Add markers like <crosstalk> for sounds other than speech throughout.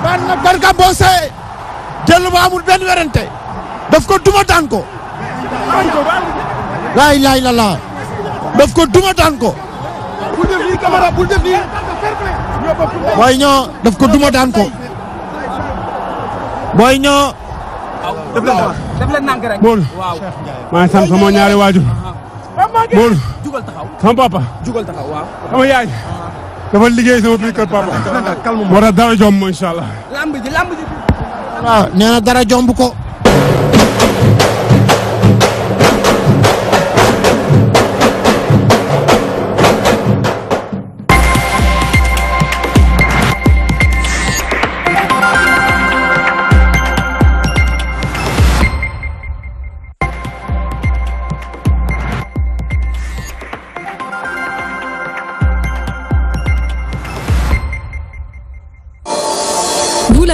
daan na Garga Mbossé amul benn werante daf ko duma daan ko laa ilaaha illallaah ko duma daan ko bul def ko duma daan ko Boy Niang def leen maa ngi sant ñaari waajur Mbour sama papa sama yaay dama liggéey sama biir kër papa. calme moo tax dara jomb incha allah. lamb ji lamb ji. waaw nee na dara jomb ko.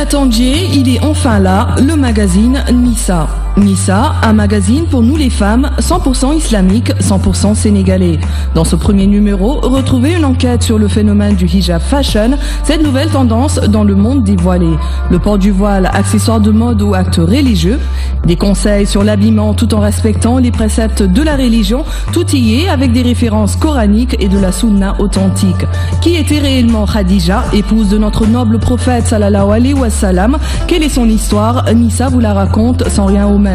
attendiez, il est enfin là, le magazine Nissa. Nissa, un magazine pour nous les femmes, 100% islamique, 100% sénégalais. Dans ce premier numéro, retrouvez une enquête sur le phénomène du hijab fashion, cette nouvelle tendance dans le monde dévoilé. Le port du voile, accessoire de mode ou acte religieux. Des conseils sur l'habillement tout en respectant les préceptes de la religion, tout y est avec des références coraniques et de la sunna authentique. Qui était réellement Khadija, épouse de notre noble prophète sallallahu alayhi wa sallam Quelle est son histoire Nissa vous la raconte sans rien omettre.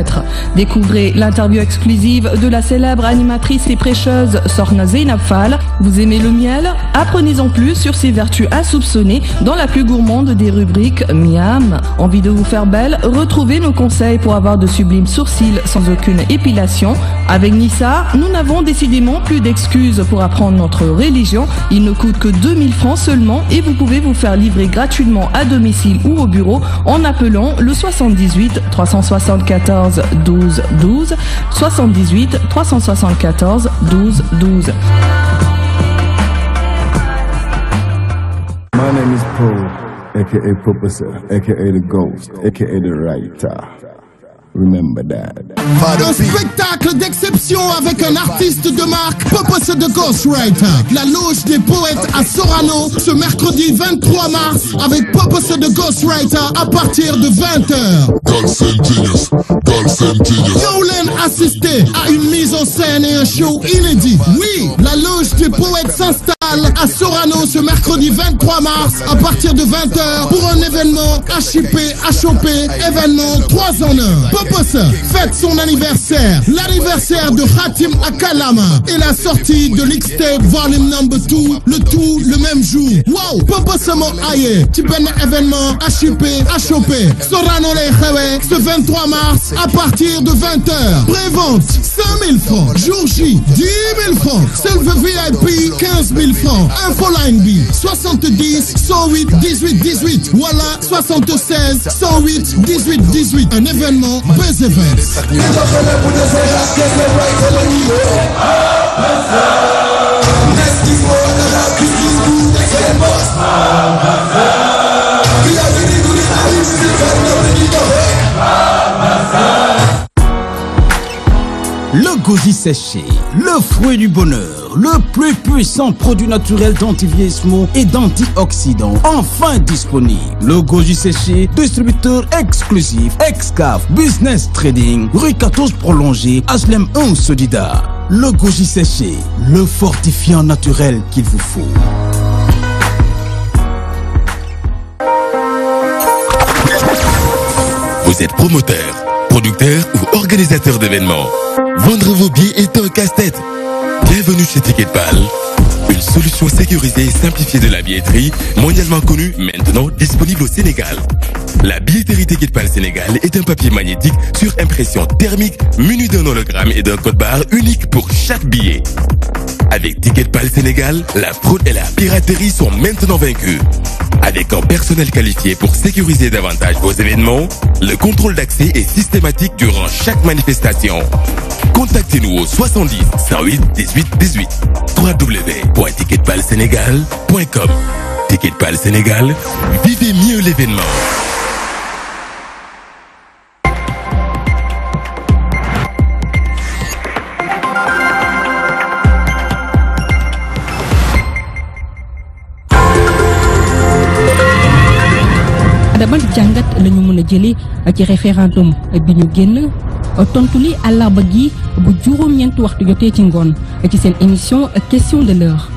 Découvrez l'interview exclusive de la célèbre animatrice et prêcheuse Sorna Zeynafal. Vous aimez le miel Apprenez-en plus sur ses vertus insoupçonnées dans la plus gourmande des rubriques Miam. Envie de vous faire belle Retrouvez nos conseils pour avoir de sublimes sourcils sans aucune épilation. Avec Nissa, nous n'avons décidément plus d'excuses pour apprendre notre religion. Il ne coûte que 2000 francs seulement et vous pouvez vous faire livrer gratuitement à domicile ou au bureau en appelant le 78 374 12 12 78 374 12 12. Remember that. Un spectacle d'exception avec un artiste de marque, Popos de Ghostwriter. La loge des poètes à Sorano ce mercredi 23 mars avec Popos de Ghostwriter à partir de 20h. Yolen assisté à une mise en scène et un show inédit. Oui, la loge des poètes s'installe à Sorano ce mercredi 23 mars à partir de 20h pour un événement HIP, HOP, événement 3 en 1. Faites fête son anniversaire, l'anniversaire de Hatim Akalama et la sortie de l'X-Tape Volume Number 2, le tout le même jour. Wow, Popos mo aye ci ben événement HUP HOP Sorano Le ce 23 mars à partir de 20h. Prévente 5000 francs, jour J 10 000 francs, Self VIP 15 000 francs. Line B 70 108 18 18 Voilà 76 108 18 18. Un événement Perseverance. Le goji séché, le fruit du bonheur, le plus puissant produit naturel d'antivieillissement et d'antioxydants, enfin disponible. Le goji séché, distributeur exclusif, Excave Business Trading, Rue 14 prolongée, HLM 1 Sodida. Le goji séché, le fortifiant naturel qu'il vous faut. Vous êtes promoteur, producteur ou organisateur d'événements. Vendre vos billets est un casse-tête. Bienvenue chez Ticketpal, une solution sécurisée et simplifiée de la billetterie, mondialement connue, maintenant disponible au Sénégal. La billetterie Ticketpal Sénégal est un papier magnétique sur impression thermique muni d'un hologramme et d'un code barre unique pour chaque billet. Avec Ticketpal Sénégal, la fraude et la piraterie sont maintenant vaincus. Avec un personnel qualifié pour sécuriser davantage vos événements, le contrôle d'accès est systématique durant chaque manifestation. Contactez-nous au 70 108 18 18 www.ticketpalsénégal.com Ticketpal Sénégal, vivez mieux l'événement. qui ci référendum bi ñu génn tontu li àllarba gi bu juróom ñent waxtu de ci ngoon ci seen émission question de l'heure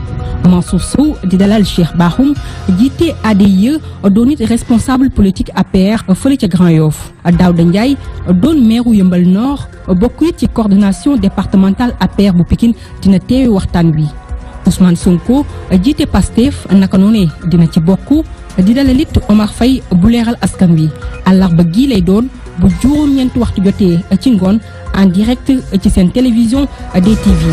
Mansour Sow di dalal Cheikh Bakhoum jiite ADIE doon it responsable politique APR fële ca Grand Yoff Daouda Ndiaye doon meeru Yëmbal Nord bokk it ci coordination départementale APR bu Pikine dina teewe waxtaan wi Ousmane Sonko jiite Pastef naka noonee dina ci bokku dina la Omar Faye bu leral askan wi àllarba gi lay doon bu ñent waxtu ci en direct ci une télévision DTV.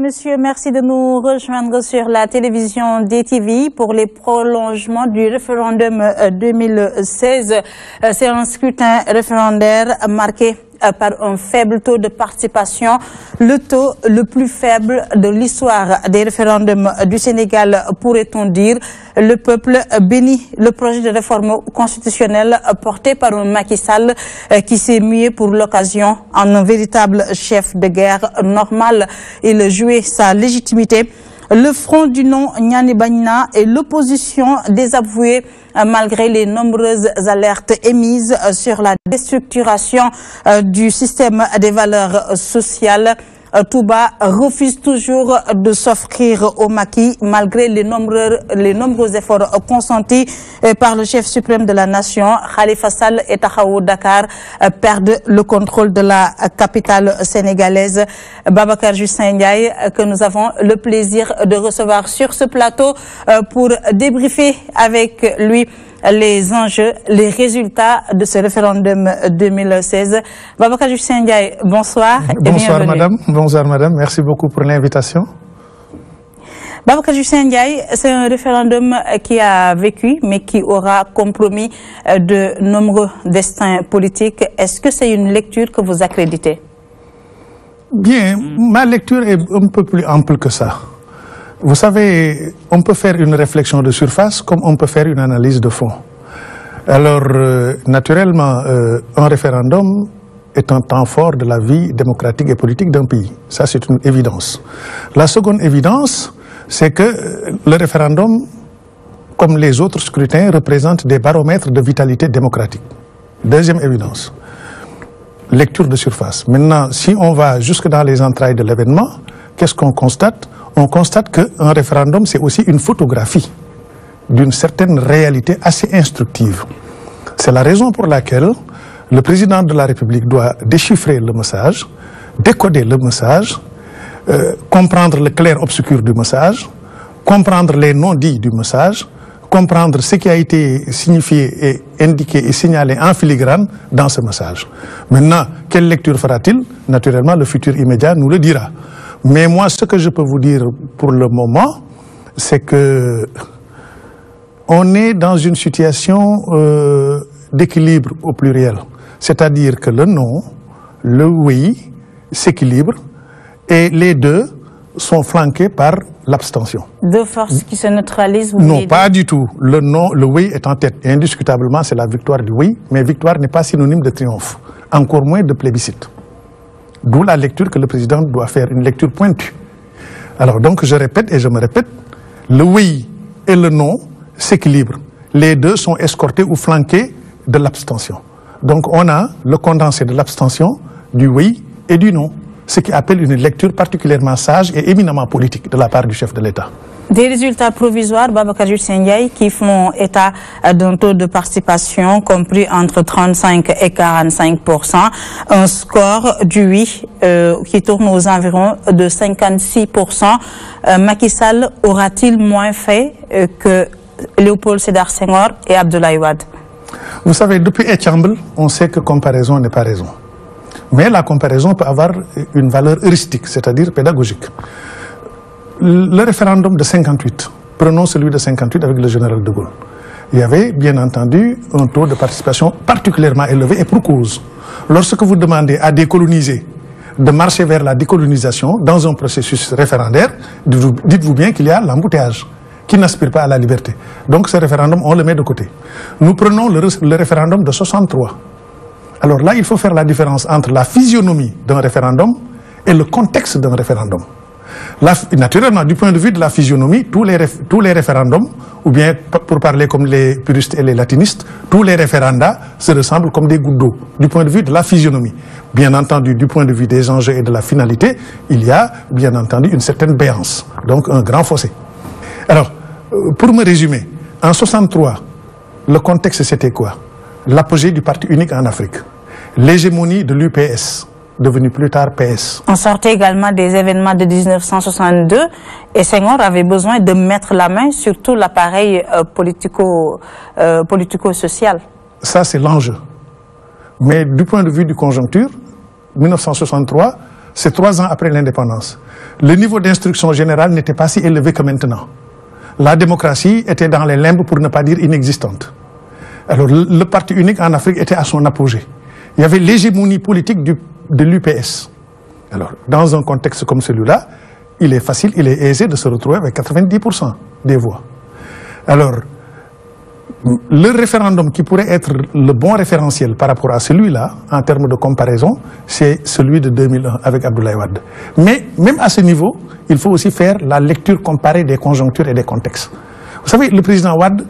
Monsieur, merci de nous rejoindre sur la télévision DTV pour les prolongements du référendum 2016. Euh, euh, c'est un scrutin référendaire marqué euh, par un faible taux de participation, le taux le plus faible de l'histoire des référendums du Sénégal, pourrait-on dire. Le peuple bénit le projet de réforme constitutionnelle porté par un Macky Sall euh, qui s'est mué pour l'occasion en un véritable chef de guerre normal. Il jouait sa légitimité le front du nom Nyanibanina Banina et l'opposition désavouée euh, malgré les nombreuses alertes émises euh, sur la déstructuration euh, du système des valeurs sociales euh, Touba refuse toujours de s'offrir au maquis malgré les nombreux, les nombreux efforts consentis euh, par le chef suprême de la nation. Khalifa Sall et Tahaou Dakar euh, perdent le contrôle de la capitale sénégalaise. Babacar Justin Ndiaye, que nous avons le plaisir de recevoir sur ce plateau pour débriefer avec lui les enjeux, les résultats de ce référendum 2016. Babacar Ndiaye, bonsoir. Bonsoir madame, bonsoir madame, merci beaucoup pour l'invitation. Babacar Jussien c'est un référendum qui a vécu, mais qui aura compromis euh, de nombreux destins politiques. Est-ce que c'est une lecture que vous accréditez Bien, ma lecture est un peu plus ample que ça. Vous savez, on peut faire une réflexion de surface comme on peut faire une analyse de fond. Alors, euh, naturellement, euh, un référendum est un temps fort de la vie démocratique et politique d'un pays. Ça, c'est une évidence. La seconde évidence, c'est que euh, le référendum, comme les autres scrutins, représente des baromètres de vitalité démocratique. Deuxième évidence, lecture de surface. Maintenant, si on va jusque dans les entrailles de l'événement, qu'est-ce qu'on constate on constate qu'un référendum, c'est aussi une photographie d'une certaine réalité assez instructive. C'est la raison pour laquelle le président de la République doit déchiffrer le message, décoder le message, euh, comprendre le clair-obscur du message, comprendre les non-dits du message, comprendre ce qui a été signifié et indiqué et signalé en filigrane dans ce message. Maintenant, quelle lecture fera-t-il Naturellement, le futur immédiat nous le dira. Mais moi, ce que je peux vous dire pour le moment, c'est que on est dans une situation euh, d'équilibre au pluriel. C'est-à-dire que le non, le oui s'équilibrent et les deux sont flanqués par l'abstention. Deux forces qui se neutralisent Non, pas du tout. Le non, le oui est en tête. indiscutablement, c'est la victoire du oui, mais victoire n'est pas synonyme de triomphe, encore moins de plébiscite. D'où la lecture que le président doit faire, une lecture pointue. Alors donc je répète et je me répète, le oui et le non s'équilibrent. Les deux sont escortés ou flanqués de l'abstention. Donc on a le condensé de l'abstention, du oui et du non ce qui appelle une lecture particulièrement sage et éminemment politique de la part du chef de l'État. Des résultats provisoires, Babacar Senyei, qui font état euh, d'un taux de participation compris entre 35 et 45 un score du 8 euh, qui tourne aux environs de 56 euh, Macky Sall aura-t-il moins fait que Léopold Sédar Senghor et Abdoulaye Wade Vous savez, depuis Echamble, on sait que comparaison n'est pas raison. Mais la comparaison peut avoir une valeur heuristique, c'est-à-dire pédagogique. Le référendum de 58, prenons celui de 58 avec le général de Gaulle. Il y avait bien entendu un taux de participation particulièrement élevé et pour cause. Lorsque vous demandez à décoloniser de marcher vers la décolonisation dans un processus référendaire, dites-vous bien qu'il y a l'embouteillage qui n'aspire pas à la liberté. Donc ce référendum, on le met de côté. Nous prenons le, référendum de 63. Alors là, il faut faire la différence entre la physionomie d'un référendum et le contexte d'un référendum. naturellement, du point de vue de la physionomie, tous les, tous les référendums, ou bien pour parler comme les puristes et les latinistes, tous les référendats se ressemblent comme des gouttes d'eau, du point de vue de la physionomie. Bien entendu, du point de vue des enjeux et de la finalité, il y a, bien entendu, une certaine béance, donc un grand fossé. Alors, euh, pour me résumer, en 63, le contexte c'était quoi L'apogée du parti unique en Afrique l'hégémonie de l'UPS, devenue plus tard PS. On sortait également des événements de 1962 et Senghor avait besoin de mettre la main sur tout l'appareil euh, euh, politico-social. Ça, c'est l'enjeu. Mais du point de vue du conjoncture, 1963, c'est trois ans après l'indépendance. Le niveau d'instruction générale n'était pas si élevé que maintenant. La démocratie était dans les limbes, pour ne pas dire inexistante. Alors, le parti unique en Afrique était à son apogée il y avait l'hégémonie politique de l'UPS. Alors, dans un contexte comme celui-là, il est facile, il est aisé de se retrouver avec 90% des voix. Alors, le référendum qui pourrait être le bon référentiel par rapport à celui-là, en termes de comparaison, c'est celui de 2001 avec Abdoulaye Wade. Mais même à ce niveau, il faut aussi faire la lecture comparée des conjonctures et des contextes. Vous savez, le président Wade,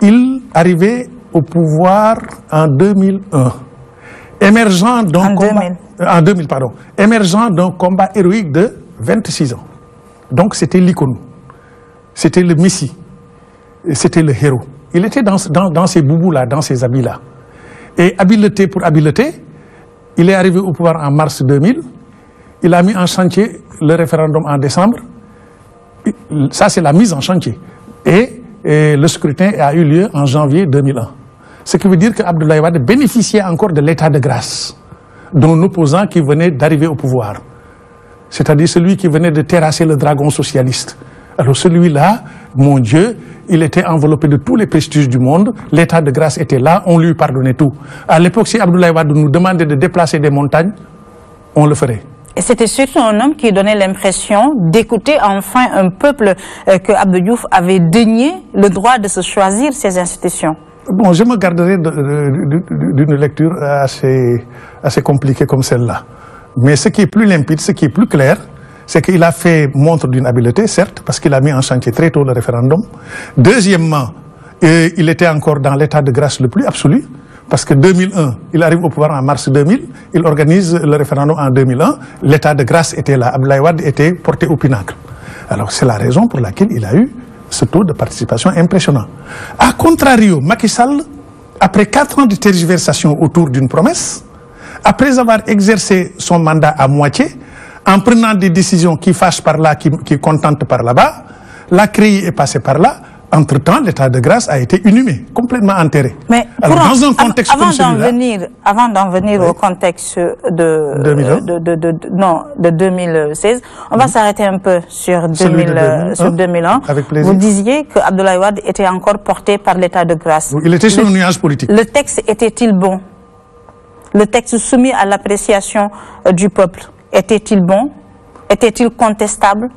il arrivait au pouvoir en 2001 émergent d'un combat, pardon, combat héroïque de 26 ans. Donc c'était l'icône, c'était le messie, c'était le héros. Il était dans, ces boubous-là, dans ces habits-là. Et habileté pour habileté, il est arrivé au pouvoir en mars 2000, il a mis en chantier le référendum en décembre, ça c'est la mise en chantier. Et, et le scrutin a eu lieu en janvier 2001. Ce qui veut dire que Abdoulaye Wade bénéficiait encore de l'état de grâce d'un opposant qui venait d'arriver au pouvoir. C'est-à-dire celui qui venait de terrasser le dragon socialiste. Alors celui-là, mon Dieu, il était enveloppé de tous les prestiges du monde, l'état de grâce était là, on lui pardonnait tout. À l'époque, si Abdoulaye Wade nous demandait de déplacer des montagnes, on le ferait. Et c'était surtout un homme qui donnait l'impression d'écouter enfin un peuple euh, que Abdou avait dénié le droit de se choisir ses institutions. Bon, je me garderai d'une lecture assez, assez compliquée comme celle-là. Mais ce qui est plus limpide, ce qui est plus clair, c'est qu'il a fait montre d'une habileté, certes, parce qu'il a mis en chantier très tôt le référendum. Deuxièmement, il était encore dans l'état de grâce le plus absolu, parce que 2001, il arrive au pouvoir en mars 2000, il organise le référendum en 2001, l'état de grâce était là, Abdoulaye était porté au pinacle. Alors c'est la raison pour laquelle il a eu ce taux de participation impressionnant. A contrario, Macky Sall, après quatre ans de tergiversation autour d'une promesse, après avoir exercé son mandat à moitié, en prenant des décisions qui fâchent par là, qui, contentent par là-bas, la CRI est passée par là, entre-temps, l'état de grâce a été inhumé, complètement enterré. Mais avant d'en venir, avant d'en venir au contexte de, euh, de, 2016, on va s'arrêter un peu sur, 2000, 2001. Euh, Vous disiez que Abdoulaye était encore porté par l'état de grâce. Il était sur le, une nuance politique. Le texte était-il bon Le texte soumis à l'appréciation euh, du peuple était-il bon Était-il contestable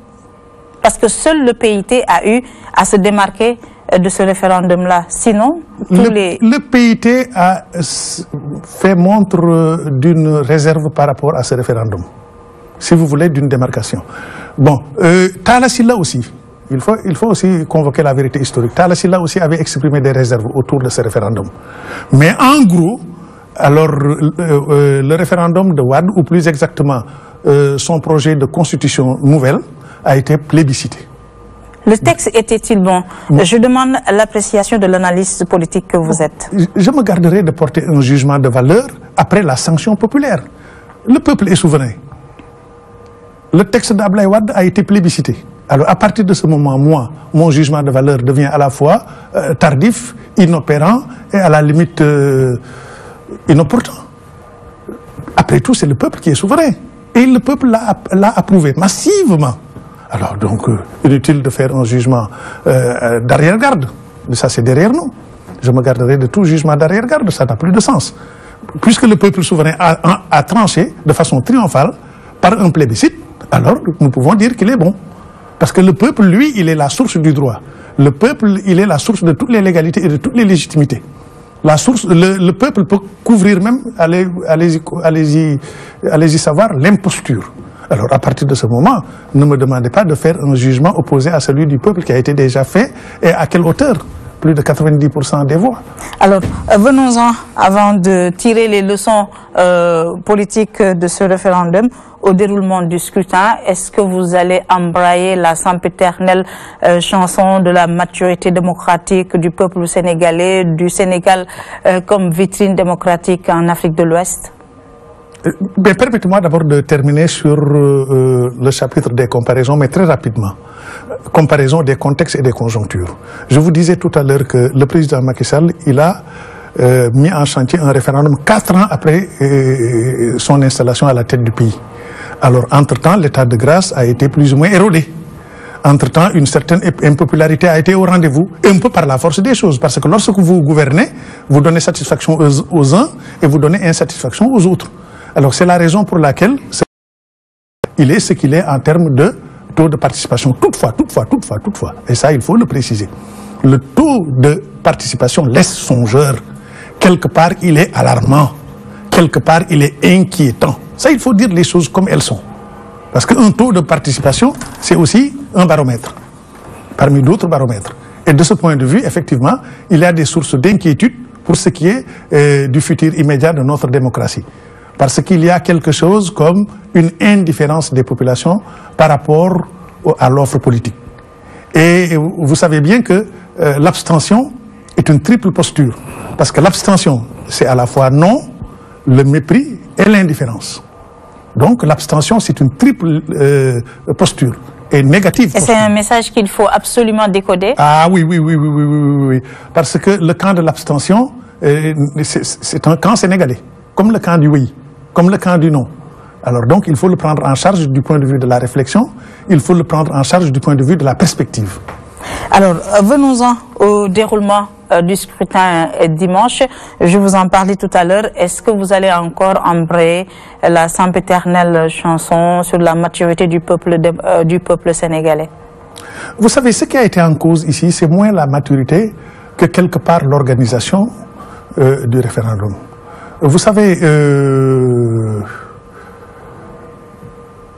parce que seul le PIT a eu à se démarquer euh, de ce référendum-là. Sinon, tous les... Le PIT a euh, fait montre euh, d'une réserve par rapport à ce référendum, si vous voulez, d'une démarcation. Bon, euh, aussi, il faut, il faut aussi convoquer la vérité historique. Talasila aussi avait exprimé des réserves autour de ce référendum. Mais en gros, alors le référendum de Wad, ou plus exactement son projet de constitution nouvelle, a été plébiscité. Le texte était-il bon Je demande l'appréciation de l'analyste politique que vous êtes. Je me garderai de porter un jugement de valeur après la sanction populaire. Le peuple est souverain. Le texte d'Ablaï a été plébiscité. Alors à partir de ce moment, moi, mon jugement de valeur devient à la fois euh, tardif, inopérant et à la limite euh, inopportun. Après tout, c'est le peuple qui est souverain. Et le peuple l'a approuvé massivement. Alors donc, euh, inutile de faire un jugement euh, euh, d'arrière-garde. Mais ça, c'est derrière nous. Je me garderai de tout jugement d'arrière-garde. Ça n'a plus de sens. Puisque le peuple souverain a, tranché de façon triomphale par un plébiscite, alors nous pouvons dire qu'il est bon. Parce que le peuple, lui, il est la source du droit. Le peuple, il est la source de toutes les légalités et de toutes les légitimités. La source, le, peuple peut couvrir même, allez-y allez allez savoir, l'imposture. Alors à partir de ce moment, ne me demandez pas de faire un jugement opposé à celui du peuple qui a été déjà fait et à quelle hauteur plus de 90% des voix. Alors, euh, venons-en, avant de tirer les leçons euh, politiques de ce référendum, au déroulement du scrutin. Est-ce que vous allez embrayer la sempiternelle éternelle euh, chanson de la maturité démocratique du peuple sénégalais, du Sénégal comme vitrine démocratique en Afrique de l'Ouest euh, permettez-moi d'abord de terminer sur euh, euh, le chapitre des comparaisons, mais très rapidement. Comparaison des contextes et des conjonctures. Je vous disais tout à l'heure que le président Macky Sall, il a mis en chantier un référendum quatre ans après son installation à la tête du pays. Alors, entre-temps, l'état de grâce a été plus ou moins érodé. Entre-temps, une certaine impopularité a été au rendez-vous, un peu par la force des choses, parce que lorsque vous gouvernez, vous donnez satisfaction aux uns et vous donnez insatisfaction aux autres. Alors c'est la raison pour laquelle il est ce qu'il est en termes de taux de participation. Toutefois, toutefois, toutefois, toutefois, et ça il faut le préciser, le taux de participation laisse songeur. Quelque part, il est alarmant. Quelque part, il est inquiétant. Ça, il faut dire les choses comme elles sont. Parce qu'un taux de participation, c'est aussi un baromètre, parmi d'autres baromètres. Et de ce point de vue, effectivement, il y a des sources d'inquiétude pour ce qui est euh, du futur immédiat de notre démocratie. Parce qu'il y a quelque chose comme une indifférence des populations par rapport à l'offre politique. Et vous savez bien que euh, l'abstention est une triple posture. Parce que l'abstention, c'est à la fois non, le mépris et l'indifférence. Donc l'abstention, c'est une triple euh, posture et négative. Et c'est un message qu'il faut absolument décoder Ah oui, oui, oui, oui, oui, oui, oui. Parce que le camp de l'abstention, euh, c'est un camp sénégalais, comme le camp du oui comme le camp du non. Alors donc, il faut le prendre en charge du point de vue de la réflexion, il faut le prendre en charge du point de vue de la perspective. Alors, euh, venons-en au déroulement euh, du scrutin euh, dimanche. Je vous en parlais tout à l'heure. Est-ce que vous allez encore embrayer la éternelle chanson sur la maturité du peuple, du peuple sénégalais Vous savez, ce qui a été en cause ici, c'est moins la maturité que quelque part l'organisation du référendum. Vous savez, euh,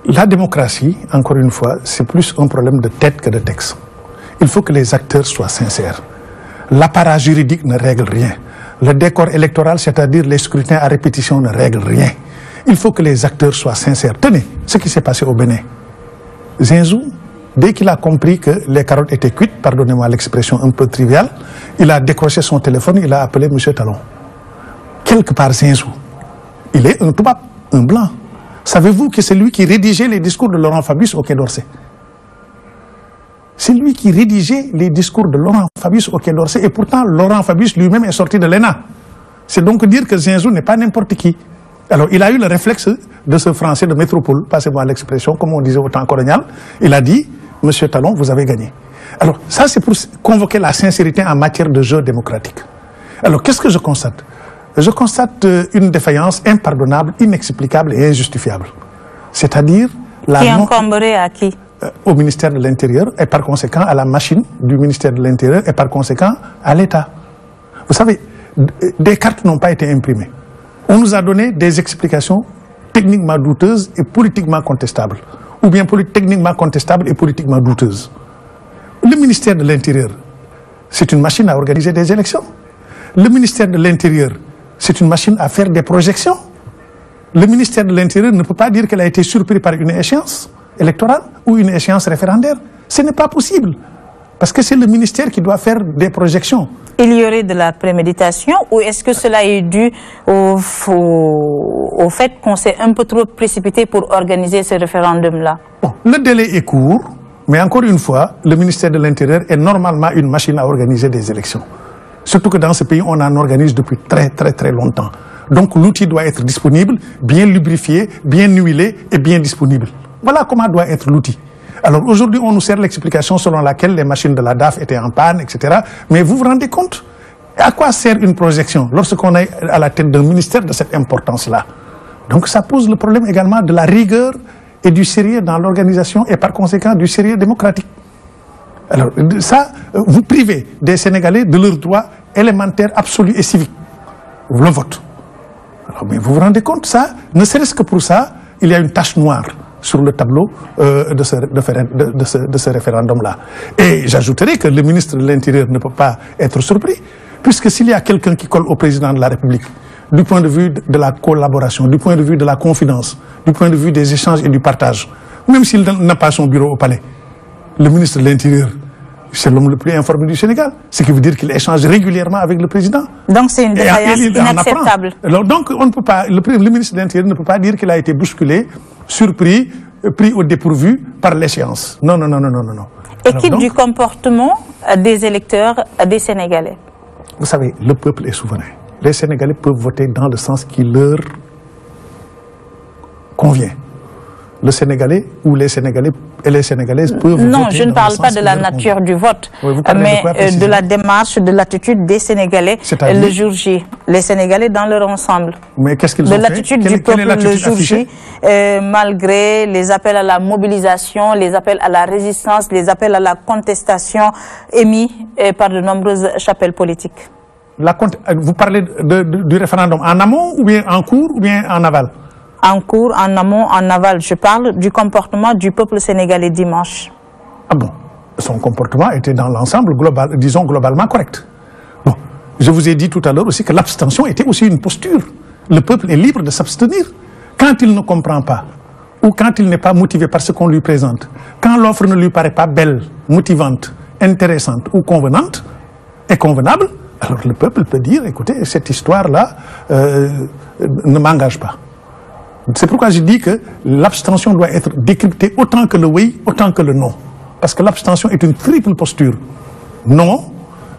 la démocratie, encore une fois, c'est plus un problème de tête que de texte. Il faut que les acteurs soient sincères. L'apparat juridique ne règle rien. Le décor électoral, c'est-à-dire les scrutins à répétition, ne règle rien. Il faut que les acteurs soient sincères. Tenez, ce qui s'est passé au Bénin. Zinzou, dès qu'il a compris que les carottes étaient cuites, pardonnez-moi l'expression un peu triviale, il a décroché son téléphone, il a appelé M. Talon quelque part Zinsou, il est un un blanc. Savez-vous que c'est lui qui rédigeait les discours de Laurent Fabius au Quai d'Orsay C'est lui qui rédigeait les discours de Laurent Fabius au Quai d'Orsay. Et pourtant, Laurent Fabius lui-même est sorti de l'ENA. C'est donc dire que Zinsou n'est pas n'importe qui. Alors, il a eu le réflexe de ce Français de métropole, passez-moi l'expression, comme on disait au temps colonial. Il a dit, Monsieur Talon, vous avez gagné. Alors, ça, c'est pour convoquer la sincérité en matière de jeu démocratique. Alors, qu'est-ce que je constate je constate euh, une défaillance impardonnable, inexplicable et injustifiable. C'est-à-dire la qui à qui euh, au ministère de l'Intérieur et par conséquent à la machine du ministère de l'Intérieur et par conséquent à l'État. Vous savez, euh, des cartes n'ont pas été imprimées. On nous a donné des explications techniquement douteuses et politiquement contestables, ou bien techniquement contestables et politiquement douteuses. Le ministère de l'Intérieur, c'est une machine à organiser des élections. Le ministère de l'Intérieur, c'est une machine à faire des projections. Le ministère de l'Intérieur ne peut pas dire qu'elle a été surpris par une échéance électorale ou une échéance référendaire. Ce n'est pas possible. Parce que c'est le ministère qui doit faire des projections. Il y aurait de la préméditation ou est-ce que cela est dû au, fait qu'on s'est un peu trop précipité pour organiser ce référendum-là Le délai est court, mais encore une fois, le ministère de l'Intérieur est normalement une machine à organiser des élections. Surtout que dans ce pays, on en organise depuis très très très longtemps. Donc l'outil doit être disponible, bien lubrifié, bien huilé et bien disponible. Voilà comment doit être l'outil. Alors aujourd'hui, on nous sert l'explication selon laquelle les machines de la DAF étaient en panne, etc. Mais vous vous rendez compte À quoi sert une projection lorsqu'on est à la tête d'un ministère de cette importance-là Donc ça pose le problème également de la rigueur et du sérieux dans l'organisation et par conséquent du sérieux démocratique. Alors ça, vous privez des Sénégalais de leur droits élémentaire, absolu et civique, Vous le vote. mais vous vous rendez compte, ça, ne serait-ce que pour ça, il y a une tache noire sur le tableau euh, de ce, de ce référendum-là. Et j'ajouterai que le ministre de l'Intérieur ne peut pas être surpris, puisque s'il y a quelqu'un qui colle au président de la République, du point de vue de la collaboration, du point de vue de la confidence, du point de vue des échanges et du partage, même s'il n'a pas son bureau au palais, le ministre de l'Intérieur c'est l'homme le plus informé du Sénégal. Ce qui veut dire qu'il échange régulièrement avec le président. Donc c'est une défaillance inacceptable. donc on ne peut pas, le, ministre de l'Intérieur ne peut pas dire qu'il a été bousculé, surpris, euh, pris au dépourvu par l'échéance. Non, non, non, non, non, non. Équipe du comportement euh, des électeurs euh, des Sénégalais. Vous savez, le peuple est souverain. Les Sénégalais peuvent voter dans le sens qui leur convient le Sénégalais ou les Sénégalais et les Sénégalaises peuvent Non, je ne parle pas de la nature du vote, mais euh, de la démarche, de l'attitude des Sénégalais le jour J. Les Sénégalais dans leur ensemble. Mais qu'est-ce qu'ils ont fait De l'attitude du peuple le jour J, euh, malgré les appels à la mobilisation, les appels à la résistance, les appels à la contestation émis euh, par de nombreuses chapelles politiques. vous parlez du référendum en amont ou bien en cours ou bien en aval en cours, en amont, en aval. Je parle du comportement du peuple sénégalais dimanche. Ah bon Son comportement était dans l'ensemble, global, disons globalement correct. Bon, je vous ai dit tout à l'heure aussi que l'abstention était aussi une posture. Le peuple est libre de s'abstenir. Quand il ne comprend pas, ou quand il n'est pas motivé par ce qu'on lui présente, quand l'offre ne lui paraît pas belle, motivante, intéressante ou convenante, et convenable, alors le peuple peut dire, écoutez, cette histoire-là euh, ne m'engage pas. C'est pourquoi je dis que l'abstention doit être décryptée autant que le oui, autant que le non. Parce que l'abstention est une triple posture. Non,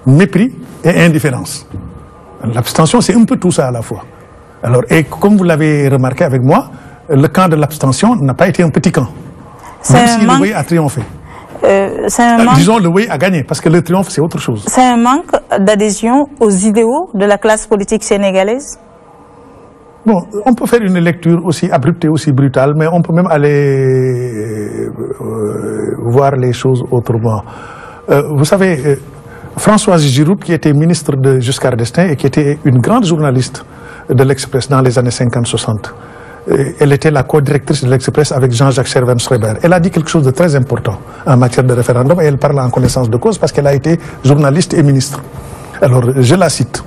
mépris et indifférence. L'abstention, c'est un peu tout ça à la fois. Alors, et comme vous l'avez remarqué avec moi, le camp de l'abstention n'a pas été un petit camp. Même si le oui a triomphé. Euh, euh, disons, le oui a gagné, parce que le triomphe, c'est autre chose. C'est un manque d'adhésion aux idéaux de la classe politique sénégalaise Bon, on peut faire une lecture aussi abrupte et aussi brutale, mais on peut même aller euh, euh, voir les choses autrement. Euh, vous savez, Françoise Giroud, qui était ministre de Giscard d'Estaing et qui était une grande journaliste de l'Express dans les années 50-60, elle était la co-directrice de l'Express avec Jean-Jacques Servan-Schreiber. Elle a dit quelque chose de très important en matière de référendum et elle parle en connaissance de cause parce qu'elle a été journaliste et ministre. Alors, je la cite.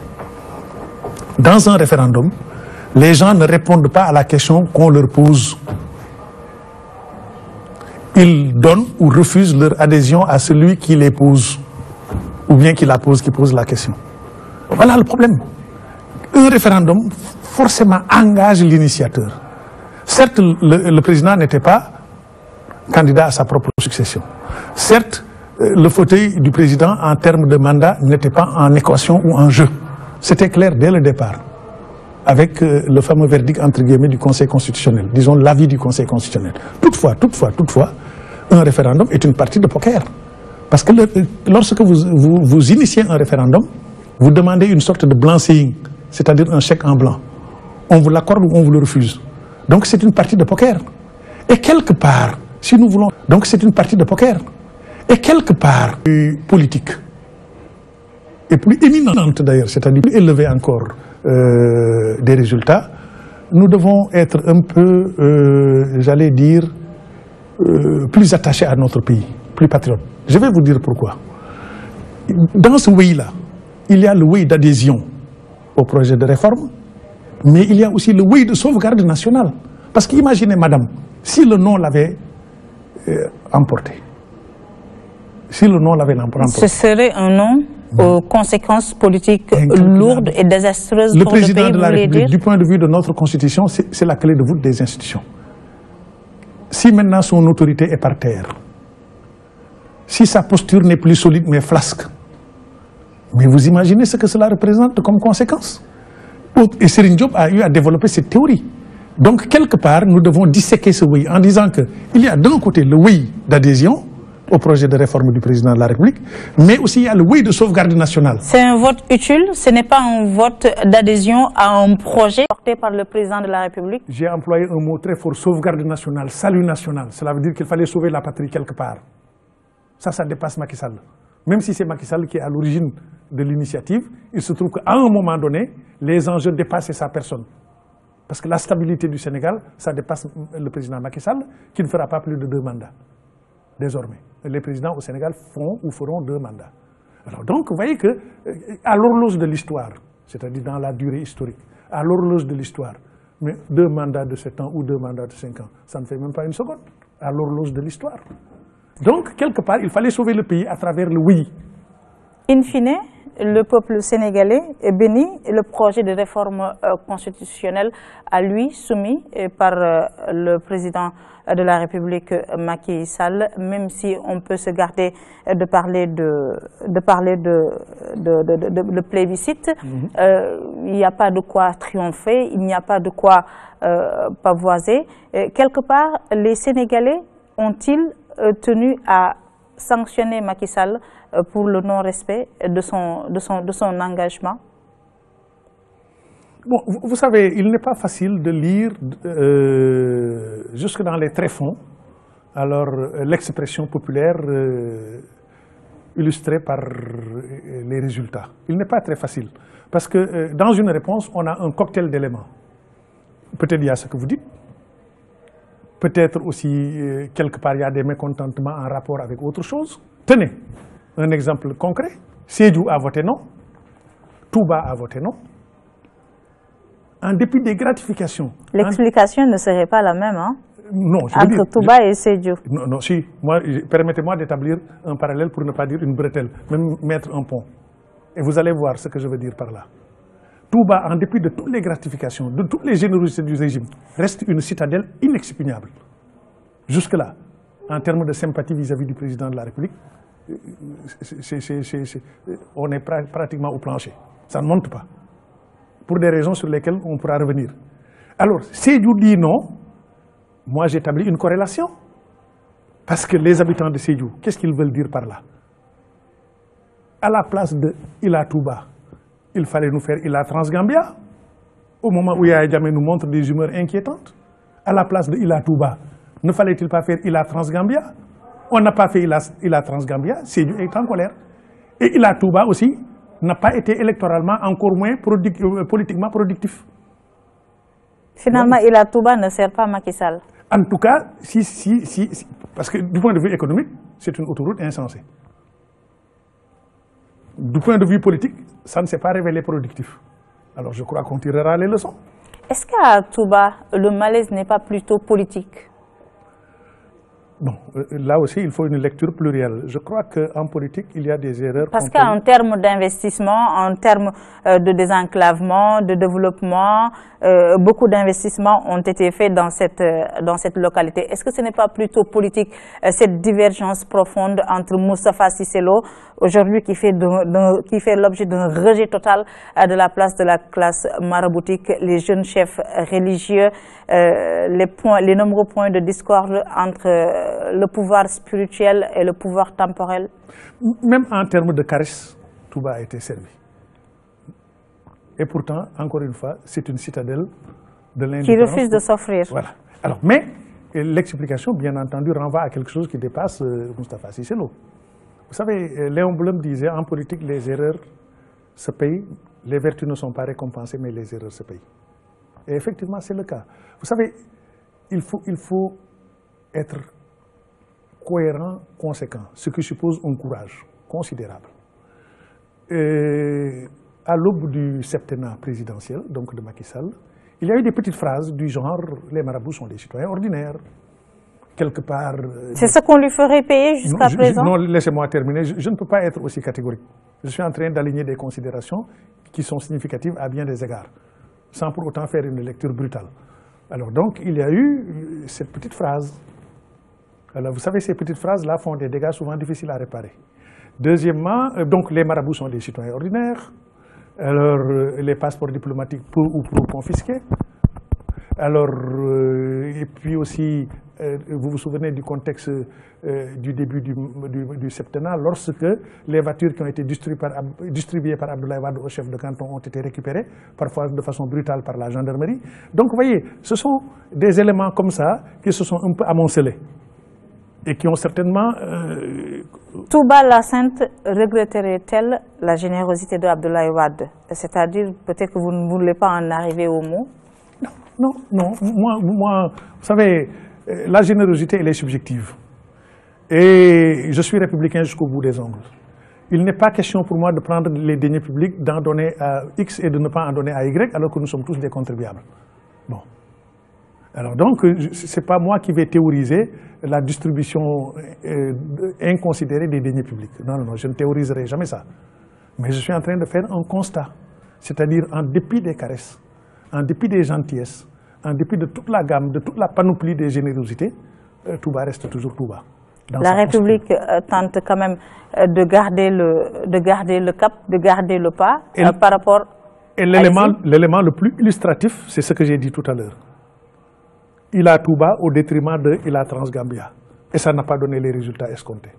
Dans un référendum, les gens ne répondent pas à la question qu'on leur pose. Ils donnent ou refusent leur adhésion à celui qui les pose, ou bien qui la pose, qui pose la question. Voilà le problème. Un référendum forcément engage l'initiateur. Certes, le, président n'était pas candidat à sa propre succession. Certes, euh, le fauteuil du président en termes de mandat n'était pas en équation ou en jeu. C'était clair dès le départ avec euh, le fameux verdict entre guillemets du Conseil constitutionnel, disons l'avis du Conseil constitutionnel. Toutefois, toutefois, toutefois, un référendum est une partie de poker. Parce que lorsque vous, vous, initiez un référendum, vous demandez une sorte de blanc cest c'est-à-dire un chèque en blanc. On vous l'accorde ou on vous le refuse. Donc c'est une partie de poker. Et quelque part, si nous voulons... Donc c'est une partie de poker. Et quelque part, plus politique, et plus éminente d'ailleurs, c'est-à-dire plus élevée encore, euh, des résultats, nous devons être un peu, euh, j'allais dire, euh, plus attachés à notre pays, plus patriotes. Je vais vous dire pourquoi. Dans ce oui-là, il y a le oui d'adhésion au projet de réforme, mais il y a aussi le oui de sauvegarde nationale. Parce qu'imaginez, madame, si le non l'avait emporté, si le non l'avait emporté. Ce serait un non aux conséquences politiques lourdes et désastreuses pour le pays. de la République, du point de vue de notre constitution, c'est la clé de voûte des institutions. Si maintenant son autorité est par terre, si sa posture n'est plus solide mais flasque, mais vous imaginez ce que cela représente comme conséquence Et Serine Diop a eu à développer cette théorie. Donc, quelque part, nous devons disséquer ce oui en disant que il y a d'un côté le oui d'adhésion, au projet de réforme du président de la République, mais aussi à le oui de sauvegarde nationale. C'est un vote utile, ce n'est pas un vote d'adhésion à un projet porté par le président de la République J'ai employé un mot très fort, sauvegarde nationale, salut national. Cela veut dire qu'il fallait sauver la patrie quelque part. Ça, ça dépasse Macky Sall. Même si c'est Macky Sall qui est à l'origine de l'initiative, il se trouve qu'à un moment donné, les enjeux dépassent sa personne. Parce que la stabilité du Sénégal, ça dépasse le président Macky Sall, qui ne fera pas plus de deux mandats désormais. Les présidents au Sénégal font ou feront deux mandats. Alors donc, vous voyez que, euh, à l'horloge de l'histoire, c'est-à-dire dans la durée historique, à l'horloge de l'histoire, mais deux mandats de sept ans ou deux mandats de cinq ans, ça ne fait même pas une seconde, à l'horloge de l'histoire. Donc, quelque part, il fallait sauver le pays à travers le oui. In fine, le peuple sénégalais est béni, le projet de réforme euh, constitutionnelle à lui soumis par euh, le président de la République Macky Sall, même si on peut se garder de parler de, parler de, de, plébiscite. Mhm. Euh, il n'y a pas de quoi triompher, il n'y a pas de quoi pavoiser. quelque part, les Sénégalais ont-ils tenu à sanctionner Macky Sall euh, pour le non-respect de son, de, de son engagement vous savez, il n'est pas facile de lire euh, jusque dans les tréfonds. Alors, euh, l'expression populaire illustrée par les résultats. Il n'est pas très facile. Parce que dans une réponse, on a un cocktail d'éléments. Peut-être il y a ce que vous dites. Peut-être aussi, quelque part, il y a des mécontentements en rapport avec autre chose. Tenez, un exemple concret, Sédou a voté non, Touba a voté non. En dépit des gratifications. L'explication ne serait pas la même, hein non, je Entre Touba et Sédou. Non, non, si. Permettez-moi d'établir un parallèle pour ne pas dire une bretelle, même mettre un pont. Et vous allez voir ce que je veux dire par là. Touba, en dépit de toutes les gratifications, de toutes les générosités du régime, reste une citadelle inexpugnable. Jusque-là, en termes de sympathie vis à -vis du président de la République, on est pratiquement au plancher. Ça ne monte pas. Pour des raisons sur lesquelles on pourra revenir. Alors, si dit non, moi j'établis une corrélation. Parce que les habitants de Sédou, qu'est-ce qu'ils veulent dire par là À la place de Ilatouba, il fallait nous faire Ila Transgambia, au moment où Yahya nous montre des humeurs inquiétantes. À la place de Ilatouba, ne fallait-il pas faire Ila Transgambia on n'a pas fait il a Transgambia, c'est est en colère. Et il a Touba aussi n'a pas été électoralement encore moins euh, politiquement productif. Finalement, il a Touba ne sert pas à Macky Sall. En tout cas, si, si, parce que du point de vue économique, c'est une autoroute insensée. Du point de vue politique, ça ne s'est pas révélé productif. Alors je crois qu'on tirera les leçons. Est-ce qu'à Touba, le malaise n'est pas plutôt politique Bon, euh, là aussi, il faut une lecture plurielle. Je crois qu'en politique, il y a des erreurs. Parce qu'en termes d'investissement, en termes euh, de désenclavement, de développement, euh, beaucoup d'investissements ont été faits dans cette, dans cette localité. Est-ce que ce n'est pas plutôt politique, cette divergence profonde entre Moustapha Cicelo, aujourd'hui qui fait, fait l'objet d'un rejet total euh, de la place de la classe maraboutique. Les jeunes chefs religieux, euh, les, les nombreux points de discorde entre euh, le pouvoir spirituel et le pouvoir temporel Même en termes de caresses, tout a été servi. Et pourtant, encore une fois, c'est une citadelle de l'indépendance. Qui refuse de s'offrir. Voilà. Alors, mais l'explication, bien entendu, renvoie à quelque chose qui dépasse euh, Moustapha Sisselo. Vous savez, euh, Léon Blum disait en politique, les erreurs se payent, les vertus ne sont pas récompensées, mais les erreurs se payent. Et effectivement, c'est le cas. Vous savez, il faut, il faut être cohérent, conséquent, ce qui suppose un courage considérable. à l'aube du septennat présidentiel, donc de Macky Sall, il y a eu des petites phrases du genre « les marabouts sont des citoyens ordinaires ». Euh, c'est ce qu'on lui ferait payer jusqu'à présent Non, laissez-moi terminer. Je, ne peux pas être aussi catégorique. Je suis en train d'aligner des considérations qui sont significatives à bien des égards, sans pour autant faire une lecture brutale. Alors donc, il y a eu euh, cette petite phrase. Alors vous savez, ces petites phrases-là font des dégâts souvent difficiles à réparer. Deuxièmement, euh, donc les marabouts sont des citoyens ordinaires. Alors, les passeports diplomatiques pour ou pour confisqués. Alors, euh, et puis aussi, euh, vous vous souvenez du contexte euh, du début du, du, septennat, lorsque les voitures qui ont été distribuées par, distribuées Abdoulaye Wade au chef de canton ont été récupérées, parfois de façon brutale par la gendarmerie. Donc, vous voyez, ce sont des éléments comme ça qui se sont un peu amoncelés et qui ont certainement... tout Touba la Sainte regretterait-elle la générosité de Abdoulaye Wade C'est-à-dire, peut-être que vous ne voulez pas en arriver au mot non, non, moi, vous savez, la générosité, elle est subjective. Et je suis républicain jusqu'au bout des ongles. Il n'est pas question pour moi de prendre les deniers publics, d'en donner à X et de ne pas en donner à Y, alors que nous sommes tous des contribuables. Bon. Alors donc, ce n'est pas moi qui vais théoriser la distribution euh, inconsidérée des deniers publics. Non, non, non, je ne théoriserai jamais ça. Mais je suis en train de faire un constat, c'est-à-dire en dépit des caresses, en dépit des gentillesses, en dépit de toute la gamme, de toute la panoplie des générosités, euh, Touba reste toujours Touba. La République euh, tente quand même euh, de, garder le, de garder le cap, de garder le pas par rapport Et l'élément le plus illustratif, c'est ce que j'ai dit tout à l'heure. Il a Touba au détriment de Il a Transgambia. Et ça n'a pas donné les résultats escomptés.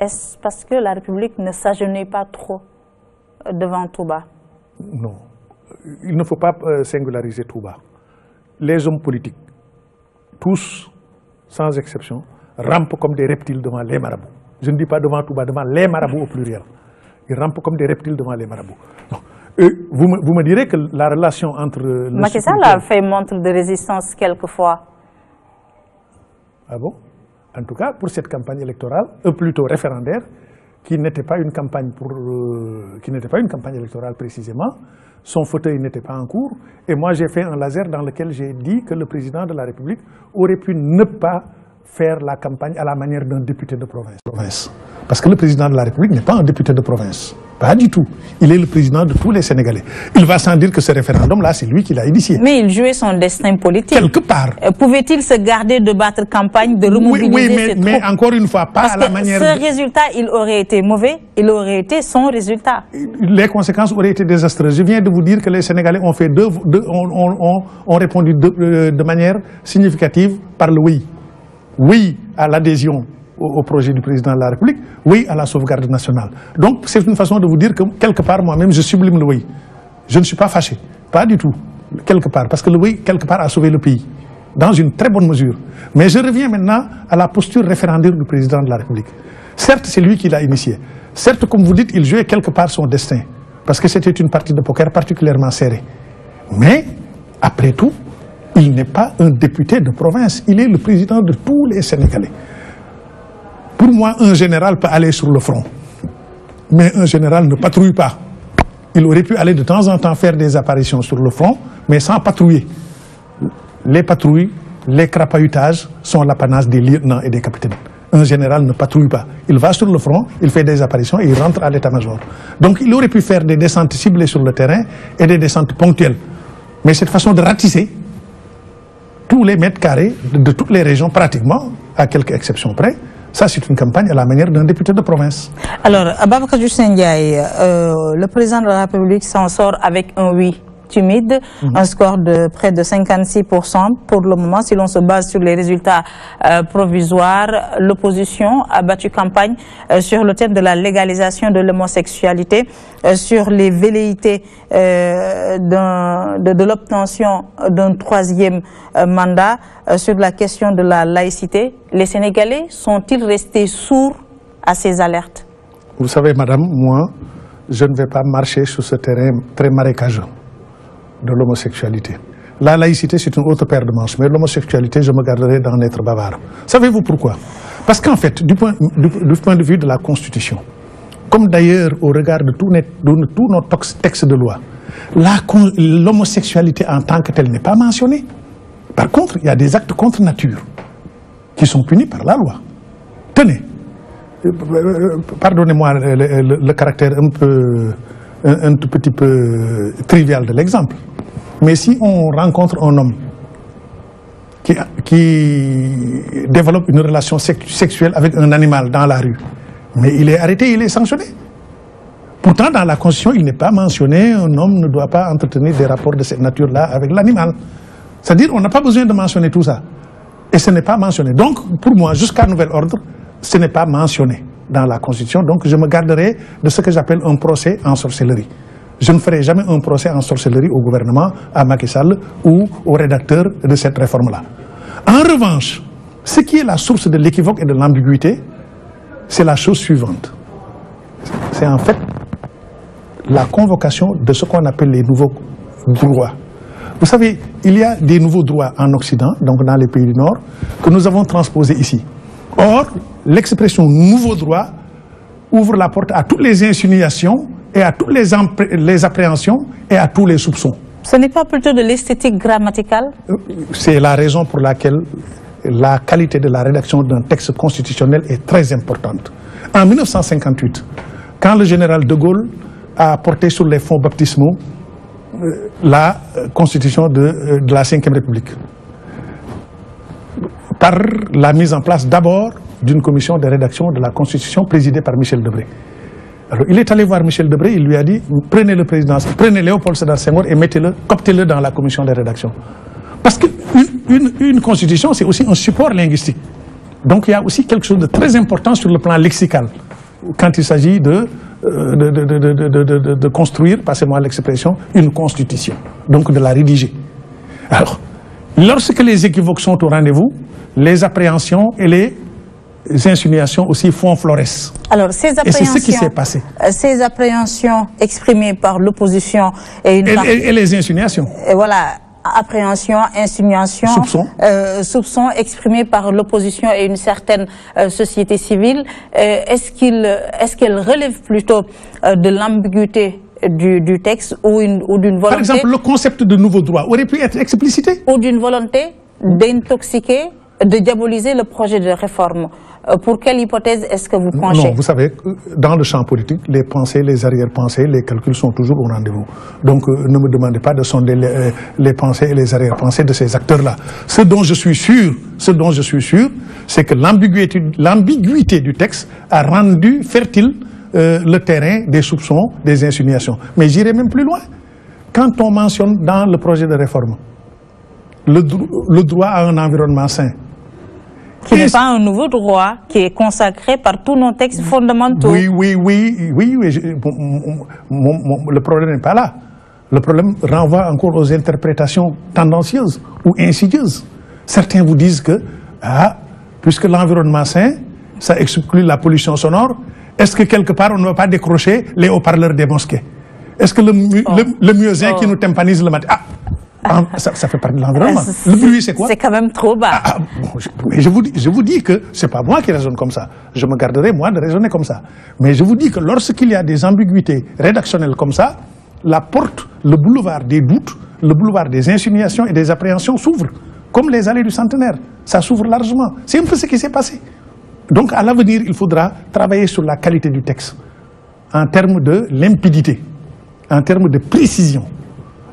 Est-ce parce que la République ne s'agenouille pas trop devant Touba Non il ne faut pas euh, singulariser Touba. Les hommes politiques, tous, sans exception, rampent comme des reptiles devant les marabouts. Je ne dis pas devant bas devant les marabouts au pluriel. Ils rampent comme des reptiles devant les marabouts. vous, me, direz que la relation entre... Euh, Macky Sall a fait montre de résistance quelquefois. Ah bon En tout cas, pour cette campagne électorale, euh, plutôt référendaire, qui n'était pas une campagne qui n'était pas une campagne électorale précisément, son fauteuil n'était pas en cours. Et moi, j'ai fait un laser dans lequel j'ai dit que le président de la République aurait pu ne pas faire la campagne à la manière d'un député de province. Parce que le président de la République n'est pas un député de province. Pas du tout. Il est le président de tous les Sénégalais. Il va sans dire que ce référendum-là, c'est lui qui l'a initié. Mais il jouait son destin politique. Quelque part. Euh, pouvait-il se garder de battre campagne, de remobiliser Oui, oui mais, encore une fois, pas à la manière... ce résultat, il aurait été mauvais. Il aurait été son résultat. Les conséquences auraient été désastreuses. Je viens de vous dire que les Sénégalais ont, fait ont, répondu euh, de manière significative par le oui. Oui à l'adhésion au, projet du président de la République, oui à la sauvegarde nationale. Donc c'est une façon de vous dire que quelque part, moi-même, je sublime le oui. Je ne suis pas fâché, pas du tout, quelque part, parce que le oui, quelque part, a sauvé le pays, dans une très bonne mesure. Mais je reviens maintenant à la posture référendaire du président de la République. Certes, c'est lui qui l'a initié. Certes, comme vous dites, il jouait quelque part son destin, parce que c'était une partie de poker particulièrement serrée. Mais, après tout, il n'est pas un député de province, il est le président de tous les Sénégalais. Pour moi, un général peut aller sur le front. Mais un général ne patrouille pas. Il aurait pu aller de temps en temps faire des apparitions sur le front, mais sans patrouiller. Les patrouilles, les crapahutages sont l'apanage des lieutenants et des capitaines. Un général ne patrouille pas. Il va sur le front, il fait des apparitions et il rentre à l'état-major. Donc il aurait pu faire des descentes ciblées sur le terrain et des descentes ponctuelles. Mais cette façon de ratisser tous les mètres carrés de toutes les régions, pratiquement, à quelques exceptions près, ça, c'est une campagne à la manière d'un député de province. Alors, Babacar Kadjus euh, le président de la République s'en sort avec un oui humide, mhm. un score de près de 56%. Pour le moment, si l'on se base sur les résultats euh, provisoires, l'opposition a battu campagne euh, sur le thème de la légalisation de l'homosexualité, euh, sur les velléités de, de l'obtention d'un troisième mandat, sur la question de la laïcité. Les Sénégalais sont-ils restés sourds à ces alertes Vous savez, madame, moi, je ne vais pas marcher sur ce terrain très marécageux de l'homosexualité. La laïcité, c'est une autre paire de manches, mais l'homosexualité, je me garderai d'en être bavard. Savez-vous pourquoi Parce qu'en fait, du point, du, point, de vue de la Constitution, comme d'ailleurs au regard de tous nos textes de loi, l'homosexualité en tant que telle n'est pas mentionnée. Par contre, il y a des actes contre nature qui sont punis par la loi. Tenez, pardonnez-moi le, caractère un, peu, un tout petit peu trivial de l'exemple. Mais si on rencontre un homme qui, développe une relation sexuelle avec un animal dans la rue, mais il est arrêté, il est sanctionné. Pourtant, dans la Constitution, il n'est pas mentionné un homme ne doit pas entretenir des rapports de cette nature-là avec l'animal. C'est-à-dire, on n'a pas besoin de mentionner tout ça. Et ce n'est pas mentionné. Donc, pour moi, jusqu'à nouvel ordre, ce n'est pas mentionné dans la Constitution. Donc, je me garderai de ce que j'appelle un procès en sorcellerie. Je ne ferai jamais un procès en sorcellerie au gouvernement, à Macky ou au rédacteur de cette réforme-là. En revanche, ce qui est la source de l'équivoque et de l'ambiguïté, c'est la chose suivante. C'est en fait la convocation de ce qu'on appelle les nouveaux droits. Vous savez, il y a des nouveaux droits en Occident, donc dans les pays du Nord, que nous avons transposés ici. Or, l'expression « nouveau droit » ouvre la porte à toutes les insinuations et à tous les, appréhensions et à tous les soupçons. Ce n'est pas plutôt de l'esthétique grammaticale euh, C'est la raison pour laquelle la qualité de la rédaction d'un texte constitutionnel est très importante. En 1958, quand le général de Gaulle a porté sur les fonds baptismaux euh, la euh, constitution de, de la Ve République, par la mise en place d'abord d'une commission de rédaction de la constitution présidée par Michel Debré il est allé voir Michel Debré, il lui a dit prenez le président, prenez Léopold Sédar Senghor et mettez-le, coptez-le dans la commission de rédaction. Parce qu'une une, constitution, c'est aussi un support linguistique. Donc il y a aussi quelque chose de très important sur le plan lexical quand il s'agit de, euh, de, de, construire, passez-moi l'expression, une constitution, donc de la rédiger. Alors, lorsque les équivoques sont au rendez-vous, les appréhensions et les les insinuations aussi font florès. Alors, ces appréhensions, et c'est ce qui s'est passé. Euh, ces appréhensions exprimées par l'opposition et, une... et, les insinuations. Et voilà, appréhensions, insinuations, soupçons euh, par l'opposition et une certaine euh, société civile. est-ce qu'il, est-ce qu'elle relève plutôt euh, de l'ambiguïté du, texte ou, ou d'une volonté Par exemple, le concept de nouveau droit aurait pu être explicité Ou d'une volonté d'intoxiquer, de diaboliser le projet de réforme euh, pour quelle hypothèse est-ce que vous penchez Non, vous savez, dans le champ politique, les pensées, les arrière-pensées, les calculs sont toujours au rendez-vous. Donc euh, ne me demandez pas de sonder euh, les, pensées et les arrière-pensées de ces acteurs-là. Ce dont je suis sûr, ce dont je suis sûr, c'est que l'ambiguïté du texte a rendu fertile le terrain des soupçons, des insinuations. Mais j'irai même plus loin. Quand on mentionne dans le projet de réforme le droit à un environnement sain, qui n'est pas un nouveau droit, qui est consacré par tous nos textes fondamentaux. Oui, oui, oui, oui, le problème n'est pas là. Le problème renvoie encore aux interprétations tendancieuses ou insidieuses. Certains vous disent que, ah, puisque l'environnement sain, ça exclut la pollution sonore, est-ce que quelque part on ne va pas décrocher les haut-parleurs des mosquées Est-ce que le, oh. mieux qui oh. nous tympanise le matin ah, ah, ça, fait partie de l'environnement. Ah, le bruit, c'est quoi C'est quand même trop bas. Ah, je, vous, je vous dis que ce n'est pas moi qui raisonne comme ça. Je me garderai, moi, de raisonner comme ça. Mais je vous dis que lorsqu'il y a des ambiguïtés rédactionnelles comme ça, la porte, le boulevard des doutes, le boulevard des insinuations et des appréhensions s'ouvre. Comme les allées du centenaire, ça s'ouvre largement. C'est un peu ce qui s'est passé. Donc, à l'avenir, il faudra travailler sur la qualité du texte en termes de limpidité, en termes de précision.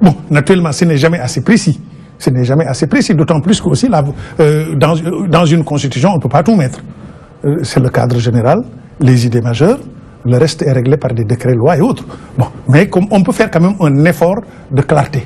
Bon, naturellement, ce n'est jamais assez précis. Ce n'est jamais assez précis, d'autant plus que aussi euh, euh, dans, une constitution, on ne peut pas tout mettre. Euh, c'est le cadre général, les idées majeures, le reste est réglé par des décrets, lois et autres. Bon, mais comme on peut faire quand même un effort de clarté.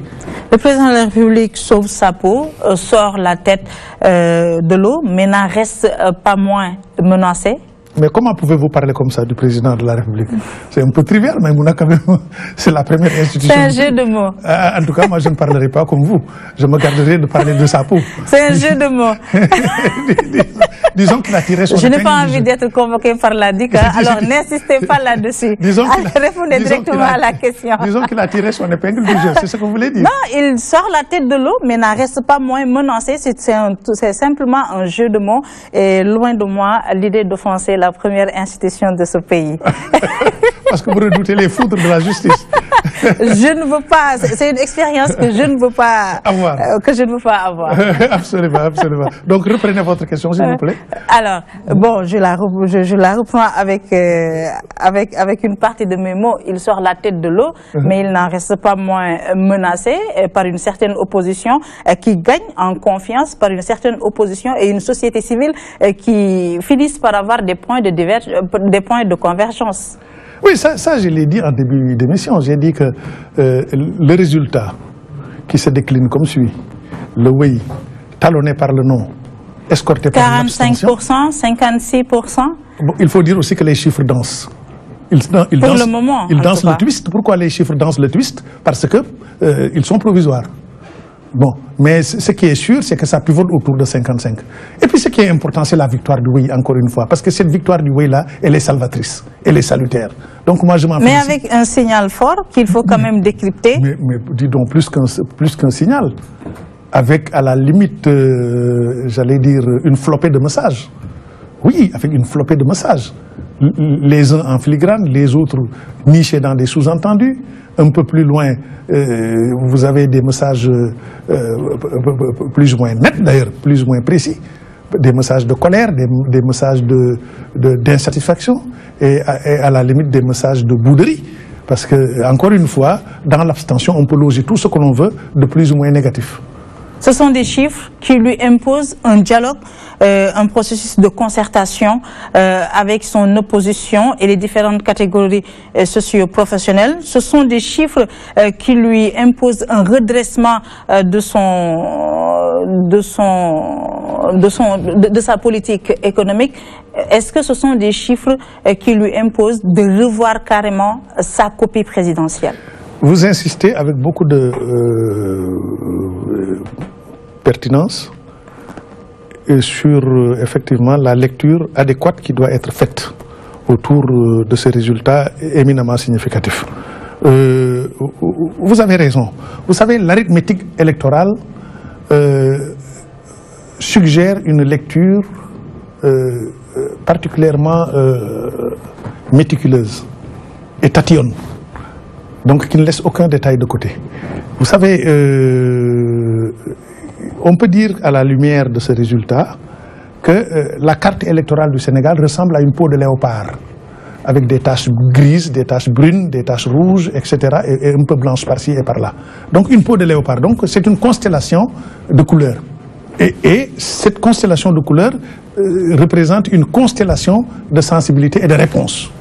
Le président de la République sauve sa peau, sort la tête de l'eau, mais n'en reste pas moins menacé mais comment pouvez-vous parler comme ça du président de la République C'est un peu trivial, mais Mouna, <laughs> c'est la première institution. C'est un jeu de mots. Ah, ah, en tout cas, moi, je ne parlerai pas comme vous. Je me garderai de parler de sa peau. C'est un jeu de mots. <laughs> disons qu'il a tiré son Je n'ai pas envie d'être convoqué par la dica, alors n'insistez pas là-dessus. Répondez <laughs> directement à la question. Disons qu'il a tiré son épingle du jeu, c'est ce que vous voulez dire. Non, il sort la tête de l'eau, mais n'en reste pas moins menacé. C'est simplement un jeu de mots et loin de moi l'idée d'offenser la première institution de ce pays. <laughs> parce que vous redoutez les foudres de la justice. <laughs> je ne veux pas, c'est une expérience que je ne veux pas avoir. Euh, que je ne veux pas avoir. <laughs> absolument, absolument. Donc reprenez votre question, s'il vous plaît. Euh, alors, bon, je la, je, reprends avec, euh, avec, avec une partie de mes mots. Il sort la tête de l'eau, uh-huh. mais il n'en reste pas moins menacé par une certaine opposition qui gagne en confiance, par une certaine opposition et une société civile qui finissent par avoir des points de, des points de convergence. Oui, ça, ça je l'ai dit en début d'émission. J'ai dit que euh, le résultat qui se décline comme suit, le oui, talonné par le non, escorté par 45%, 56% Il faut dire aussi que les chiffres dansent. Ils, Pour le moment, Ils dansent le twist. Pourquoi les chiffres dansent le twist Parce qu'ils euh, sont provisoires. Bon, mais ce qui est sûr, c'est que ça pivote autour de 55. Et puis ce qui est important, c'est la victoire du oui, encore une fois. Parce que cette victoire du oui, là, elle est salvatrice, elle est salutaire. Donc moi, je m'en Mais avec un signal fort qu'il faut quand même décrypter. Mais, dis donc, plus qu'un signal. Avec, à la limite, euh, j'allais dire, une flopée de messages. Oui, avec une flopée de messages les uns en filigrane, les autres nichés dans des sous-entendus. Un peu plus loin, euh, vous avez des messages euh, euh, plus ou moins nets, d'ailleurs, plus ou moins précis, des messages de colère, des, messages d'insatisfaction, de, et, et à la limite des messages de bouderie. Parce que, encore une fois, dans l'abstention, on peut loger tout ce que l'on veut de plus ou moins négatif. Ce sont des chiffres qui lui imposent un dialogue, euh, un processus de concertation euh, avec son opposition et les différentes catégories euh, socio-professionnelles. Ce sont des chiffres qui lui imposent un redressement de son de son de son de sa politique économique. Est-ce que ce sont des chiffres qui lui imposent de revoir carrément sa copie présidentielle vous insistez avec beaucoup de euh, pertinence euh, sur euh, effectivement la lecture adéquate qui doit être faite autour de ces résultats éminemment significatifs. vous avez raison. Vous savez, l'arithmétique électorale suggère une lecture particulièrement méticuleuse et tationne donc qui ne laisse aucun détail de côté. Vous savez, euh, on peut dire à la lumière de ce résultat que euh, la carte électorale du Sénégal ressemble à une peau de léopard, avec des taches grises, des taches brunes, des taches rouges, etc., et, un peu blanche par-ci et par-là. Donc une peau de léopard, donc c'est une constellation de couleurs. Et, cette constellation de couleurs euh, représente une constellation de sensibilité et de réponses.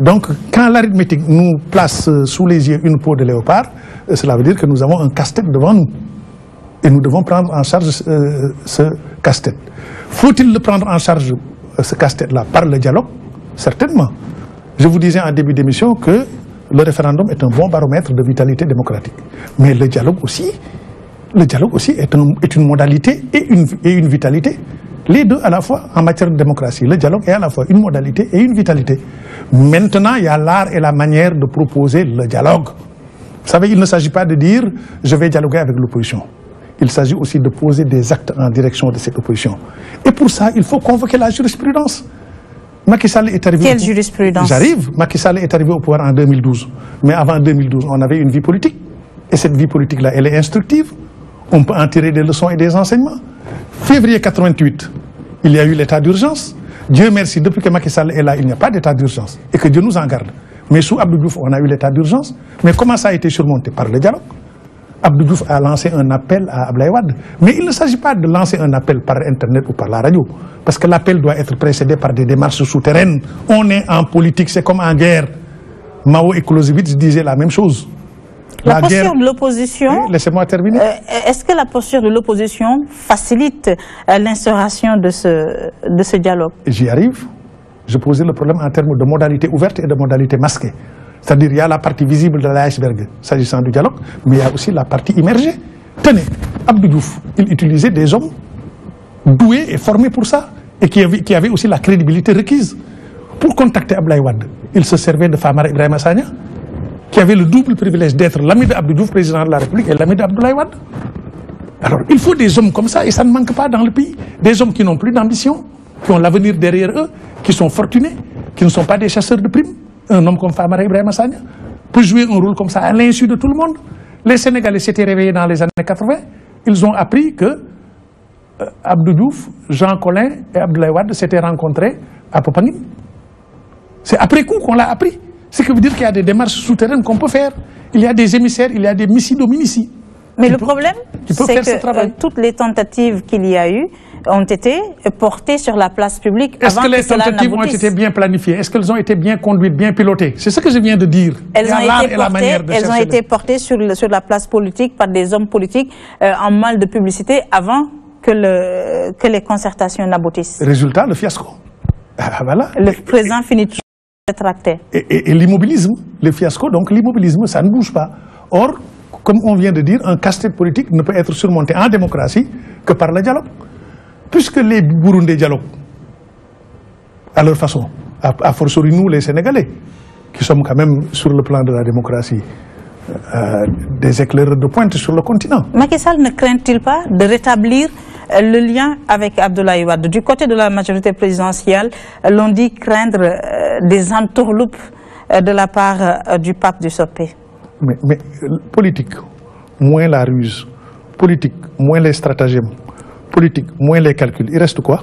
Donc, quand l'arithmétique nous place euh, sous les yeux une peau de léopard, euh, cela veut dire que nous avons un casse-tête devant nous. Et nous devons prendre en charge euh, ce casse-tête. Faut-il le prendre en charge, ce casse-tête-là, par le dialogue Certainement. Je vous disais en début d'émission que le référendum est un bon baromètre de vitalité démocratique. Mais le dialogue aussi, le dialogue aussi est, une modalité et une, et une vitalité les deux à la fois en matière de démocratie. Le dialogue est à la fois une modalité et une vitalité. Maintenant, il y a l'art et la manière de proposer le dialogue. Vous savez, il ne s'agit pas de dire « je vais dialoguer avec l'opposition ». Il s'agit aussi de poser des actes en direction de cette opposition. Et pour ça, il faut convoquer la jurisprudence. Macky Sall est arrivé... Quelle jurisprudence J'arrive. Macky Sall est arrivé au pouvoir en 2012. Mais avant 2012, on avait une vie politique. Et cette vie politique-là, elle est instructive on peut en tirer des leçons et des enseignements. Février 88, il y a eu l'état d'urgence. Dieu merci, depuis que Macky Sall est là, il n'y a pas d'état d'urgence. Et que Dieu nous en garde. Mais sous Abdou Diouf, on a eu l'état d'urgence. Mais comment ça a été surmonté Par le dialogue. Abdou Diouf a lancé un appel à Ablaïwad. Mais il ne s'agit pas de lancer un appel par Internet ou par la radio. Parce que l'appel doit être précédé par des démarches souterraines. On est en politique, c'est comme en guerre. Mao et Clausewitz disaient la même chose. La, posture de l'opposition... Laissez-moi terminer. Euh, est-ce que la posture de l'opposition facilite euh, l'instauration de ce, de ce dialogue J'y arrive. Je posais le problème en termes de modalité ouverte et de modalité masquée. C'est-à-dire, il y a la partie visible de l'iceberg, s'agissant du dialogue, mais il y a aussi la partie immergée. Tenez, Abdou il utilisait des hommes doués et formés pour ça, et qui avaient, qui aussi la crédibilité requise. Pour contacter Ablaïwad, il se servait de Famara Ibrahim Assania, qui avait le double privilège d'être l'ami d'Abdou Diouf, président de la République, et l'ami d'Abdoulaye Alors, il faut des hommes comme ça, et ça ne manque pas dans le pays. Des hommes qui n'ont plus d'ambition, qui ont l'avenir derrière eux, qui sont fortunés, qui ne sont pas des chasseurs de primes. Un homme comme Famara Ibrahim Sagna peut jouer un rôle comme ça à l'insu de tout le monde. Les Sénégalais s'étaient réveillés dans les années 80. Ils ont appris que euh, Diouf, Jean Collin et Abdoulaye Wade s'étaient rencontrés à Popanine. C'est après coup qu'on l'a appris. Ce qui veut dire qu'il y a des démarches souterraines qu'on peut faire. Il y a des émissaires, il y a des missiles dominici Mais le problème, c'est que euh, toutes les tentatives qu'il y a eu ont été portées sur la place publique. avant que Est-ce que les tentatives ont été bien planifiées Est-ce qu'elles ont été bien conduites, bien pilotées C'est ce que je viens de dire. Elles, ont été, portées, elles ont été, portées, sur, la place politique par des hommes politiques euh, en mal de publicité avant que, les concertations n'aboutissent. Résultat, le fiasco. Ah, ah, voilà. Le présent finit et, l'immobilisme, le fiasco, donc l'immobilisme, ça ne bouge pas. Or, comme on vient de dire, un casse-tête politique ne peut être surmonté en démocratie que par le dialogue. Puisque les Burundais dialoguent, à leur façon, à, force fortiori nous, les Sénégalais, qui sommes quand même sur le plan de la démocratie, euh, des éclaireurs de pointe sur le continent. Macky Sall ne craint-il pas de rétablir le lien avec Abdoulaye Wade. Du côté de la majorité présidentielle, l'on dit craindre euh, des entourloupes euh, de la part euh, du pape du Sopé. Mais, politique, moins la ruse, politique, moins les stratagèmes, politique, moins les calculs. Il reste quoi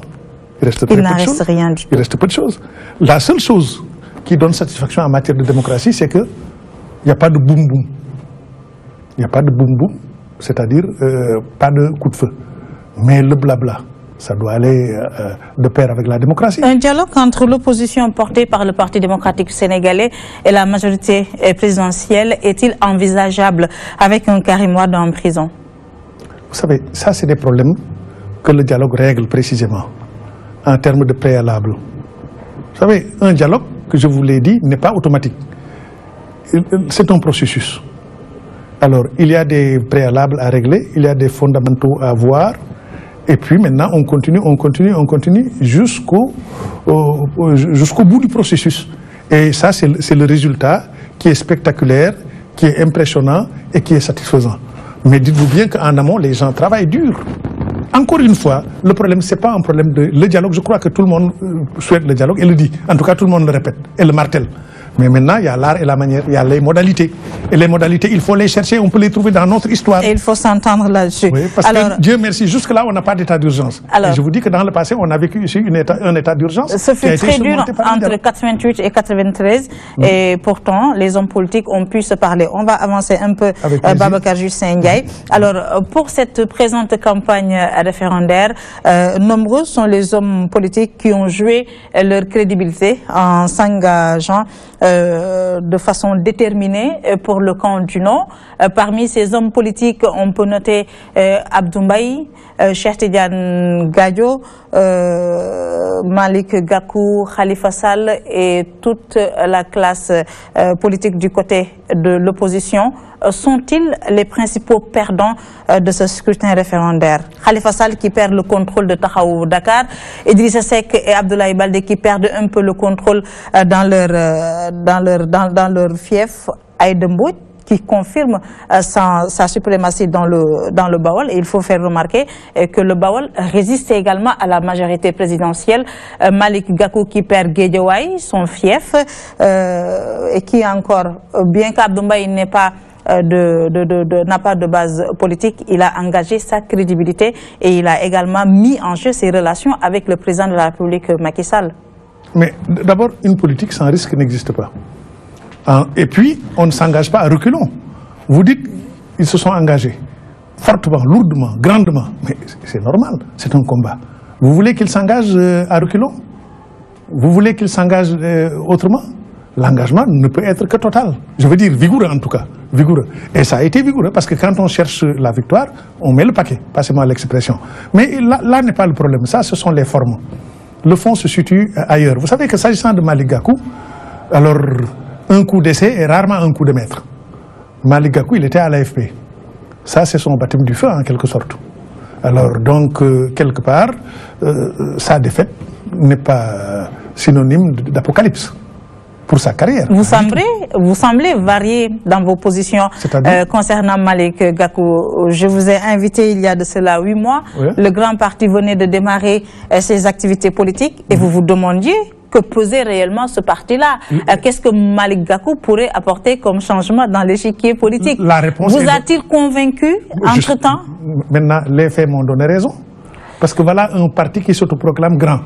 Il reste peu reste rien du tout. Il reste peu de choses. La seule chose qui donne satisfaction en matière de démocratie, c'est qu'il n'y a pas de boum-boum. Il n'y a pas de boum-boum, c'est-à-dire pas de coup de feu. Mais le blabla, ça doit aller euh, euh, de pair avec la démocratie. Un dialogue entre l'opposition portée par le Parti démocratique sénégalais et la majorité présidentielle est-il envisageable avec un carré-mois dans la prison Vous savez, ça c'est des problèmes que le dialogue règle précisément en termes de préalables. Vous savez, un dialogue, que je vous l'ai dit, n'est pas automatique. C'est un processus. Alors, il y a des préalables à régler, il y a des fondamentaux à voir, et puis maintenant, on continue, on continue, on continue jusqu'au jusqu'au bout du processus. Et ça, c'est le résultat qui est spectaculaire, qui est impressionnant et qui est satisfaisant. Mais dites-vous bien qu'en amont, les gens travaillent dur. Encore une fois, le problème, ce n'est pas un problème de... Le dialogue, je crois que tout le monde euh, souhaite le dialogue et le dit. En tout cas, tout le monde le répète et le martèle. Mais maintenant, il y a l'art et la manière, il y a les modalités. Et les modalités, il faut les chercher, on peut les trouver dans notre histoire. Et il faut s'entendre là-dessus. Oui, parce que Dieu merci, jusque-là, on n'a pas d'état d'urgence. Je vous dis que dans le passé, on a vécu ici une un état d'urgence. Ce fut très dur entre 88 et 93. Et pourtant, les hommes politiques ont pu se parler. On va avancer un peu, euh, Babacar Alors, euh, pour cette présente campagne euh, référendaire, euh, nombreux sont les hommes politiques qui ont joué euh, leur crédibilité en s'engageant euh, de façon déterminée euh, pour le camp du Nord. Euh, parmi ces hommes politiques, on peut noter euh, Abdoumbaï, euh, Malik Gakou, Khalifa Sall et toute la classe politique du côté de l'opposition sont-ils les principaux perdants de ce scrutin référendaire Khalifa Sall qui perd le contrôle de Tahaou Dakar, Idrissa Seck et Abdoulaye Balde qui perdent un peu le contrôle dans leur dans, leur, dans, dans leur fief, qui confirme euh, sa, sa, suprématie dans le, dans le Baol. il faut faire remarquer euh, que le Baol résiste également à la majorité présidentielle. Euh, Malik Gakou qui perd Guédiouaï, son fief, et qui encore, bien qu'Abdoumbaï n'ait pas de, de, de, n'a pas de base politique, il a engagé sa crédibilité et il a également mis en jeu ses relations avec le président de la République Macky Sall. Mais d'abord, une politique sans risque n'existe pas. Hein? Et puis, on ne s'engage pas à reculons. Vous dites, ils se sont engagés fortement, lourdement, grandement. Mais c'est normal, c'est un combat. Vous voulez qu'ils s'engagent euh, à reculons Vous voulez qu'ils s'engagent euh, autrement L'engagement ne peut être que total. Je veux dire vigoureux en tout cas. Vigoureux. Et ça a été vigoureux parce que quand on cherche la victoire, on met le paquet. Passez-moi l'expression. Mais là, là n'est pas le problème. Ça, ce sont les formes le fond se situe euh, ailleurs. Vous savez que s'agissant de Maligaku, alors un coup d'essai est rarement un coup de maître. Maligaku, il était à l'AFP. Ça, c'est son baptême du feu, en quelque sorte. Alors, donc, euh, quelque part, euh, sa défaite n'est pas synonyme d'apocalypse pour sa carrière. Vous semblez, vous varier dans vos positions euh, concernant Malik Gakou. Je vous ai invité il y a de cela huit mois. Le grand parti venait de démarrer euh, ses activités politiques et vous vous demandiez que pesait réellement ce parti-là mm. euh, Qu'est-ce que Malik Gakou pourrait apporter comme changement dans l'échiquier politique La réponse Vous a-t-il convaincu entre-temps Maintenant, les faits m'ont donné raison. Parce que voilà un parti qui s'autoproclame grand.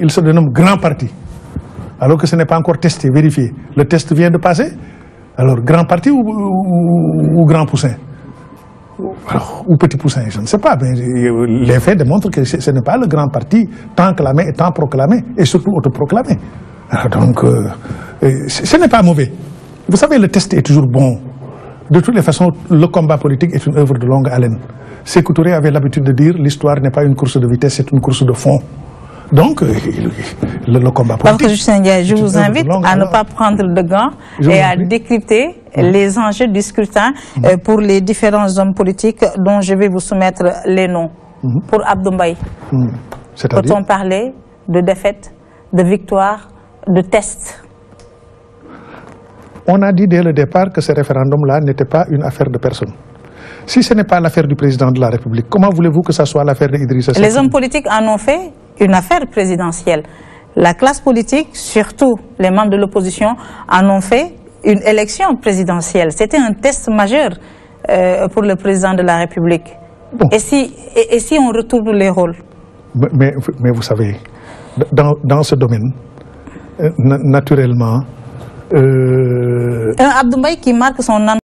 Il se dénomme grand parti alors que ce n'est pas encore testé, vérifié. Le test vient de passer. Alors, grand parti ou, grand poussin ou petit poussin, je ne sais pas. Euh, les faits démontrent que ce n'est pas le grand parti tant clamé et tant proclamé, et surtout autoproclamé. donc, euh, euh, ce n'est pas mauvais. Vous savez, le test est toujours bon. De toutes les façons, le combat politique est une œuvre de longue haleine. que avait l'habitude de dire l'histoire n'est pas une course de vitesse, c'est une course de fond. Donc, euh, le, le combat politique... je vous invite à ne pas prendre de gants et à décrypter mm. les enjeux du scrutin mm. euh, pour les différents hommes politiques dont je vais vous soumettre les noms. Mm. Pour Abdoumbaye, peut-on parler de défaite, de victoire, de test On a dit dès le départ que ce référendum-là n'était pas une affaire de personne. Si ce n'est pas l'affaire du président de la République, comment voulez-vous que ça soit l'affaire d'Idrissa Les hommes politiques en ont fait une affaire présidentielle. La classe politique, surtout les membres de l'opposition, en ont fait une élection présidentielle. C'était un test majeur euh, pour le président de la République. Et, si, et, si on retourne les rôles mais, vous savez, dans, dans ce domaine, euh, naturellement... Euh, qui marque son